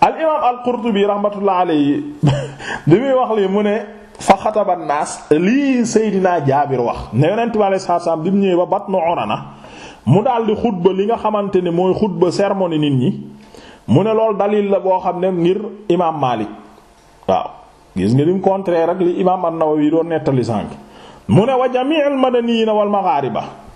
al imaam al qurtubi rahmatullah alayhi bi muy wax lii mu ne fa xataba naas lii Seydina Jaabir wax ne yonent bi alayhi salaatu bi mu ñëwee ba batnu Urana mu daal di xutba li nga xamante ne mooy xutba sermoni nit ñi mu ne lool dalil la boo xam ne ngir imaam Maalik waaw gis nga contraire rek li imaam an-Nawawi doon nettali sànq mu ne wa jami'ul madaniyiina wal maghariba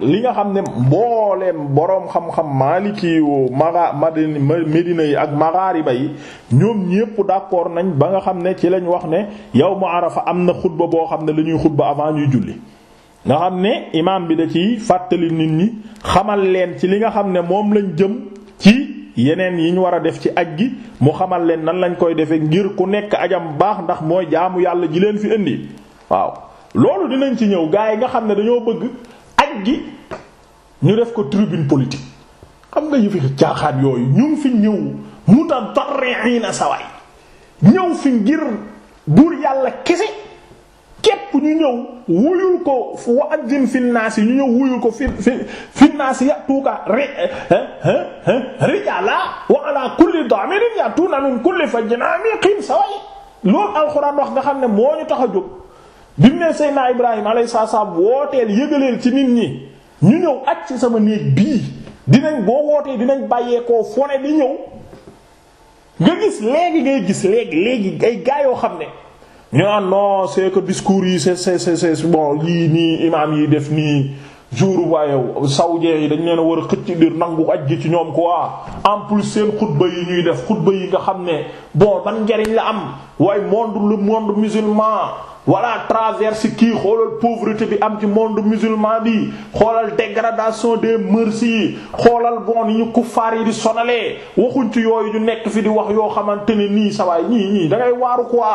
li nga xam ne mbooleem boroom xam-xam maaliki yu mara madina yi ak maghariba yi ñoom ñépp d'accord nañ ba nga xam ne ci lañ wax ne yow mu arafa am na xutba boo xam ne la ñuy xutba avant ñuy julli nga xam ne imaam bi da ci fàttali nit ñi xamal leen ci li nga xam ne moom lañ jëm ci yeneen yi ñu war a def ci aj gi mu xamal leen nan lañ koy defee ngir ku nekk ajam baax ndax mooy jaamu yàlla ji leen fi indi waaw loolu dinañ ci ñëw gaa yi nga xam ne dañoo bëgg ñu def ko tribune politique xam nga fi caaxaan yooyu ñu ngi fi ñëw mutadarriina sawaay ñëw fi ngir buur yàlla kese képp ñu ñëw wuyul ko wa addin fi naas yi ñu ñëw wuyul ko fi fi fi naas yatuuka eh, eh, eh, rijaala wa ala kulli daamirin yatuuna min kulli fajjin amiqin sawaay loolu alxuraan wax nga xam ne moo ñu tax a jóg bi mu ne Seydina Ibrahima alayhi salaam wooteel yëgaleel ci nit ñi ñu ñëw aj ci sama néeg bii dinañ boo wootee dinañ bàyyeekoo fone bi ñëw nga gis léegi ngay gis léegi léegi ay gaa yoo xam ne ñu naan non c'est que discours yi c'est c'est c'est bon yii nii imaam yi def nii jour waaye saoudien yi dañ leen a war a xëcc dir nangu aj gi ci ñoom ko en plus seen xutba yi ñuy def xutba yi nga xam ne bon ban njariñ la am waaye monde le monde musulman walla traverse kii xoolal pauvreté bi am ci monde musulman bi xoolal dégradation des mœurs yi xoolal bon yi ñu kuffaar yi di sonale waxuñ ci yooyu ñu nekk fi di wax yoo xamante ne nii sawaay ñii ñii da ngay ko quoi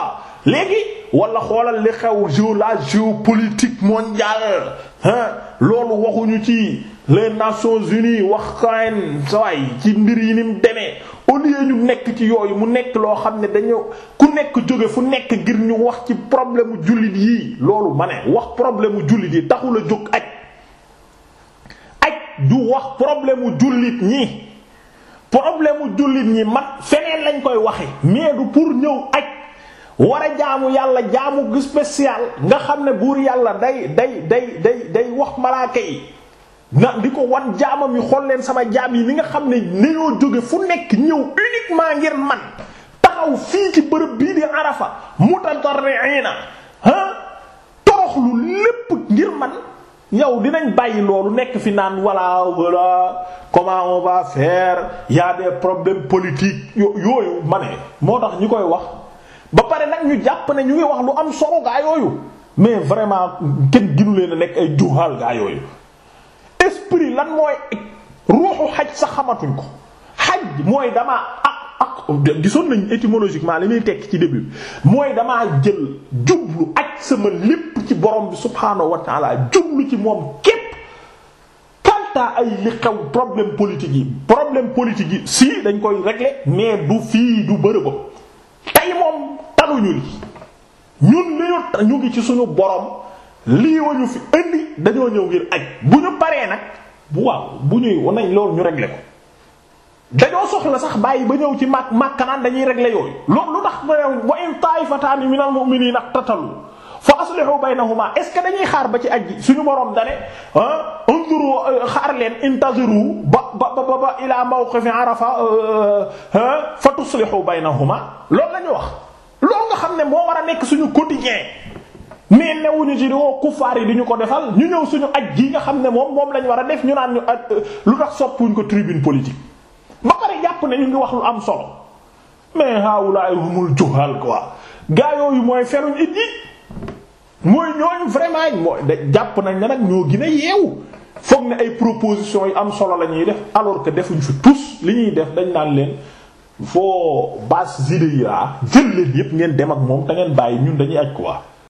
léegi wala xoolal li xew géo la géopolitique mondiale hein loolu waxuñu ci les Nations Unies wax kaen sawaay ci mbir yi ni mu demee au ñu nekk ci yooyu mu nekk loo xam ne dañu ku nekk jóge fu nekk ngir ñu wax ci problème mu jullit yii loolu ma ne wax problème mu jullit yi taxul a jóg aj aj du wax problème mu jullit ñi problème mu jullit ñi mat feneen lañ koy waxe mais du pour ñëw aj war a jaamu yàlla jaamu spécial nga xam ne buur yàlla day day day day day wax malaaka yi na di ko wan jaamam yi xool leen sama jaam yi ni nga xam ne nañoo jóge fu nekk ñëw uniquement ngir man taxaw fii ci bërëb bii di arafa mutadarriina ah toroxlu lépp ngir man yow dinañ bàyyi loolu nekk fi naan voilà voilà comment on va faire y a des problèmes yooyu ma ne moo tax ñu koy wax ba pare nag ñu jàpp ne ñu ngi wax lu am solo yooyu mais vraiment kenn ginu leen a nekk ay juhaal gaa yooyu lan mooy ruuxu xaj sa xamatuñ ko xaj mooy damaa ak ak gisoon nañ étymologiquement li muy tekk ci début mooy damaa jël jublu ak sama lépp ci borom bi subhaanahu wa taala jublu ci moom képp tant ay li xew problème politique yi problème politique yi si dañ koy régler mais du fii du bërëbam tey moom taluñu li ñun li ñu ngi ci suñu borom lii wañu fi indi dañoo ñëw ngir aj bu ñu paree nag bu waaw bu ñuy nañ loolu ñu régler ko dañoo soxla sax bàyyi ba ñëw ci màkk màkk naan dañuy régler yooyu loolu lu tax ba wa in taa'ifataani minal mu'miniina iqtatalu fa aslihu baynahuma est ce que dañuy xaar ba ci ajji suñu borom dane ah unzuru euh, xaar leen intaziru ba ba ba ba ila mawqifi arafa euh, euh, ah, fa tuslihu baynahuma loolu la ñu wax loolu nga xam ne moo war a nekk suñu quotidien mais newuñu ci di woo kuffaar yi di ñu ko defal ñu ñëw suñu aj gi nga xam ne moom moom lañu war a def ñu naan ñu euh, lu tax soppuñ ko tribune politique ba pare jàpp ne ñu ngi wax lu am solo mais haawulaay humul juhal quoi gaa yooyu mooy feruñ it yi mooy ñooñu vraiment de jàpp nañ ne nag ñoo gën a yeewu foog ay propositions yu am solo la ñuy def alors que defuñ fi tous li ñuy def dañ naan leen foo base idées yi jël leen yépp ngeen dem ak moom te ngeen bàyyi ñun dañuy aj quoi.